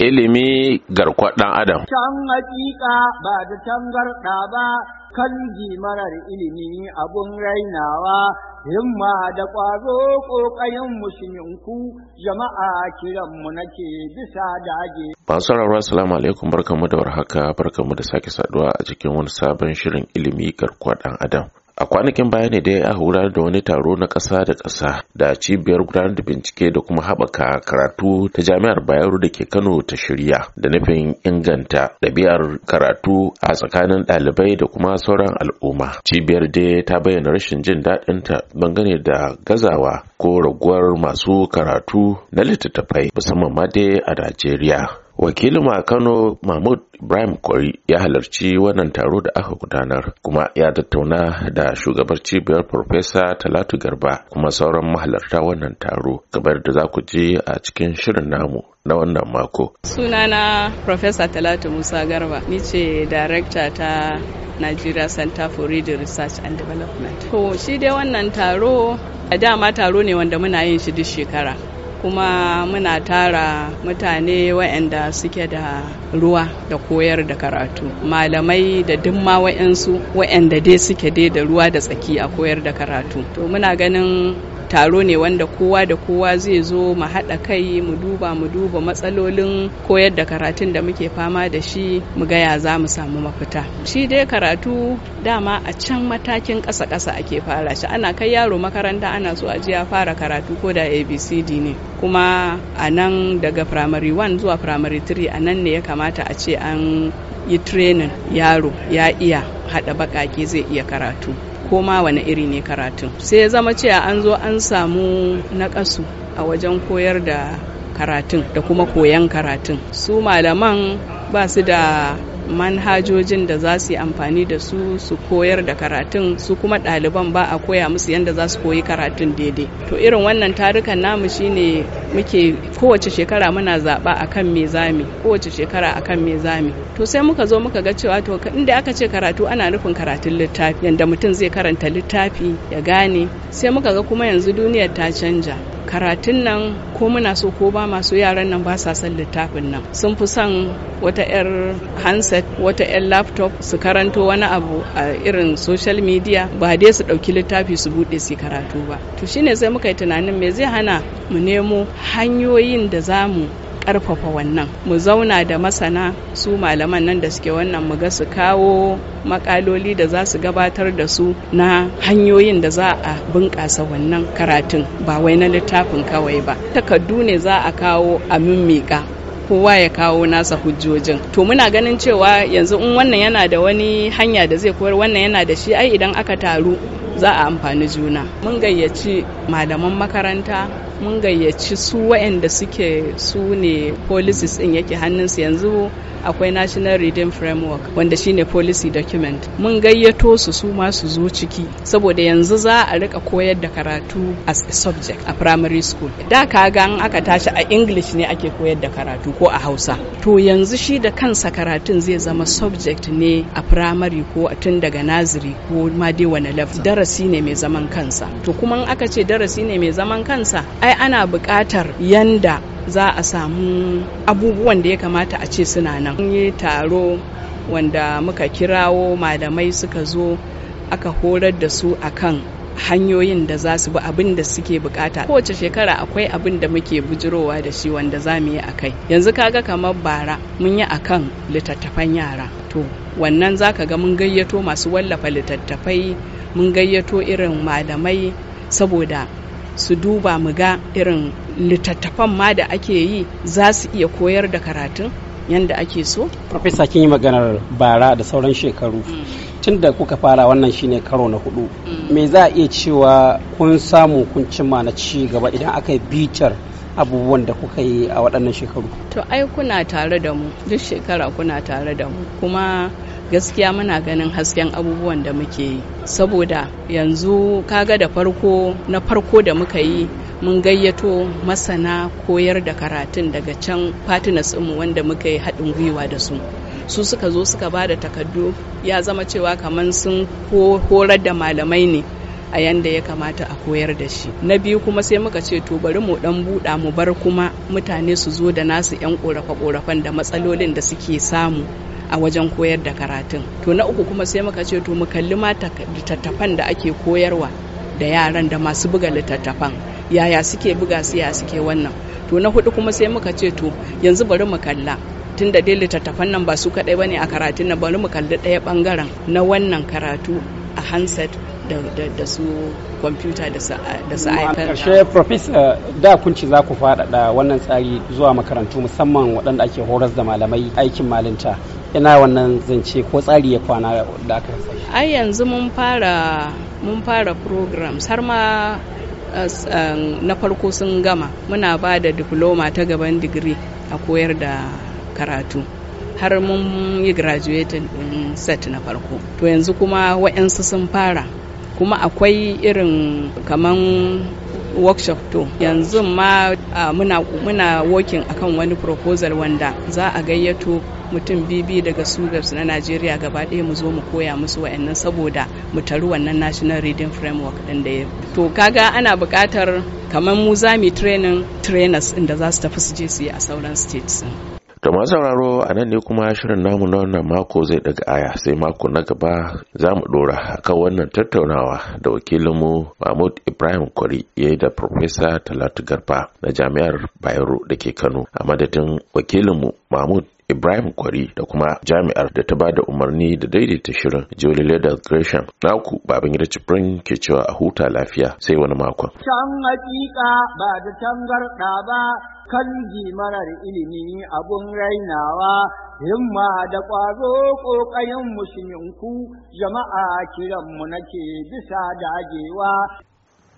ilimi garkwa ɗan adam. Can hakika ba da tangarɗa ba kan marar ilimi abun rainawa himma da ƙwazo ƙoƙarin musulminku jama'a kiran mu nake bisa dage. Masu rarwa salamu alaikum barkanmu da warhaka barkanmu da sake saduwa a cikin wani sabon shirin ilimi garkuwa ɗan adam a kwanakin baya ne dai a gudanar da wani taro na ƙasa da ƙasa da cibiyar gudanar da bincike da kuma haɓaka karatu ta jami'ar bayero da ke kano ta shirya da nufin inganta ɗabi'ar karatu a tsakanin ɗalibai da kuma sauran al'umma cibiyar dai ta bayyana rashin jin daɗinta dangane da gazawa ko raguwar masu karatu na littattafai musamman ma dai a najeriya wakilin ma kano mahmud ibrahim kwari ya halarci wannan taro da aka gudanar kuma ya tattauna da shugabar cibiyar farfesa talatu garba kuma sauran mahalarta wannan taro kamar da za ku je a cikin shirin namu na wannan mako sunana Profesa talatu musa garba ni ce darekta ta nigeria center for radio research and development to shi dai wannan taro a dama taro ne wanda muna yin shi duk shekara kuma muna tara mutane waɗanda suke da ruwa da koyar da karatu malamai da duk ma waɗansu waɗanda dai suke dai da ruwa da tsaki a koyar da karatu to muna ganin taro ne wanda kowa da kowa zai zo mu haɗa kai mu duba mu duba matsalolin koyar da karatun da muke fama da shi mu gaya ya za mu samu mafita shi dai karatu dama a can matakin ƙasa ƙasa ake fara shi ana kai yaro makaranta ana so a ya fara karatu ko da abcd ne kuma a nan daga primary 1 zuwa primary 3 a nan ne ya kamata a ce an yi training yaro ya iya haɗa baƙaƙe zai iya karatu ko ma wani iri ne karatun sai ya zama cewa an zo an samu naƙasu a wajen koyar da karatun da kuma koyan karatun su malaman ba su da manhajojin da za su yi amfani da su su koyar da karatun su kuma ɗaliban ba a koya musu yadda za su koyi karatun daidai to irin wannan tarukan namu shine muke kowace shekara muna zaɓa akan me zami kowace shekara akan me zami to sai muka zo muka ga cewa to inda aka ce karatu ana nufin karatun littafi yadda mutum zai karanta littafi ya gane sai muka ga kuma yanzu duniyar ta canja karatun nan ko muna so ko ba masu yaran nan ba sa son littafin nan sun fi son wata 'yar handset wata 'yar laptop su karanto wani abu a irin social media ba dai su ɗauki littafi su buɗe su karatu ba to shine sai muka yi tunanin me zai hana mu nemo hanyoyin da za mu karfafa wannan mu zauna da masana su malaman nan da suke wannan mu ga su kawo makaloli da za su gabatar da su na hanyoyin da za a bunƙasa wannan karatun ba wai na littafin kawai ba takardu ne za a kawo a mimmiƙa kowa ya kawo nasa hujjojin to muna ganin cewa yanzu in wannan yana da wani hanya da zai koyar wannan yana da shi ai idan aka taru za a amfani juna mun gayyaci malaman makaranta mun gayyaci su waɗanda suke su ne policies ɗin yake hannunsu yanzu akwai national reading framework wanda shine policy document mun gayyato su su ma su zo ciki saboda yanzu za a rika koyar da karatu as a subject a primary school da ka ga an aka tashi a english ne ake koyar da karatu ko a hausa to yanzu shi da kansa karatun zai zama subject ne a primary ko tun daga naziri ko ma dai wani level darasi ne mai zaman kansa to kuma in aka ce darasi ne mai zaman kansa ai ana buƙatar yanda za a samu abubuwan da ya kamata a ce suna nan yi taro wanda muka kirawo malamai suka zo aka horar da su akan hanyoyin da za su bi abin da suke bukata kowace shekara akwai abin da muke bujirowa da shi wanda za mu yi a kai yanzu kaga kamar bara mun yi a kan littattafan yara to wannan za ka ga mun gayyato masu wallafa littattafai mun gayyato irin malamai saboda su duba mu ga irin littattafan ma da ake yi za su iya koyar da karatun yadda ake so? Profesa kin yi maganar bara da sauran shekaru. Mm. Tun da kuka fara wannan shine karo na hudu. Mm. Me za a iya cewa kun samu kun cimma na ci gaba idan aka yi bitar abubuwan da kuka yi a waɗannan shekaru? To ai kuna tare da mu, duk shekara kuna tare da mu. Kuma gaskiya muna ganin hasken abubuwan da muke yi saboda yanzu kaga da farko na farko da muka yi mun gayyato masana koyar da karatun daga can partners mu wanda muka yi haɗin gwiwa da su su suka zo suka ba da takardu ya zama cewa kamar sun horar da malamai ne a yanda ya kamata a koyar da shi na biyu kuma sai muka ce to bari mu dan buɗa mu bar kuma mutane su zo da nasu 'yan ƙorafe-ƙorafen da matsalolin da suke samu a wajen koyar da karatun to na uku kuma sai muka ce to mu kalli ma littattafan da ake koyarwa da yaran da masu buga littattafan yaya suke buga su ya suke wannan to na hudu kuma sai muka ce to yanzu bari mu kalla tun da dai littattafan nan ba su kadai bane a karatun nan bari mu kalli ɗaya bangaren na wannan karatu a handset da, su kwamfuta da su ipad ƙarshe professor da kun za ku faɗaɗa wannan tsari zuwa makarantu musamman waɗanda ake horas da malamai aikin malinta ina wannan zance ko tsari ya kwana da aka ai yanzu mun fara mun programs har ma um, na farko sun gama muna ba da diploma ta gaban digiri a koyar da karatu har mun yi graduating in set na farko to yanzu kuma wa'yansu sun fara kuma akwai irin kaman workshop to yanzu ma muna muna working akan wani proposal wanda za a gayyato mutum bibi daga suburbs na najeriya gaba ɗaya mu zo mu koya musu wa'annan saboda mu taru wannan national reading framework ɗin da ya to kaga ana buƙatar kamar mu za mu training trainers inda za su tafi su je su yi a sauran states To masu sauraro a nan ne kuma shirin namu na wannan mako zai daga aya sai mako na gaba za mu dora kan wannan tattaunawa da wakilinmu Mahmud Ibrahim Kwari ya da Profesa Talatu Garba na Jami'ar Bayero da ke Kano a madadin wakilinmu Mahmud Ibrahim Kwari da kuma jami'ar da ta ba da umarni da daidaita shirin Jolly Leather Gresham. Naku Babin gida Cifrin ke cewa a huta lafiya sai wani makon. Can hakika ba da tangarɗa ba kan marar ilimi abun rainawa himma da ƙwazo ƙoƙayen musulunku jama'a kiranmu nake bisa dagewa.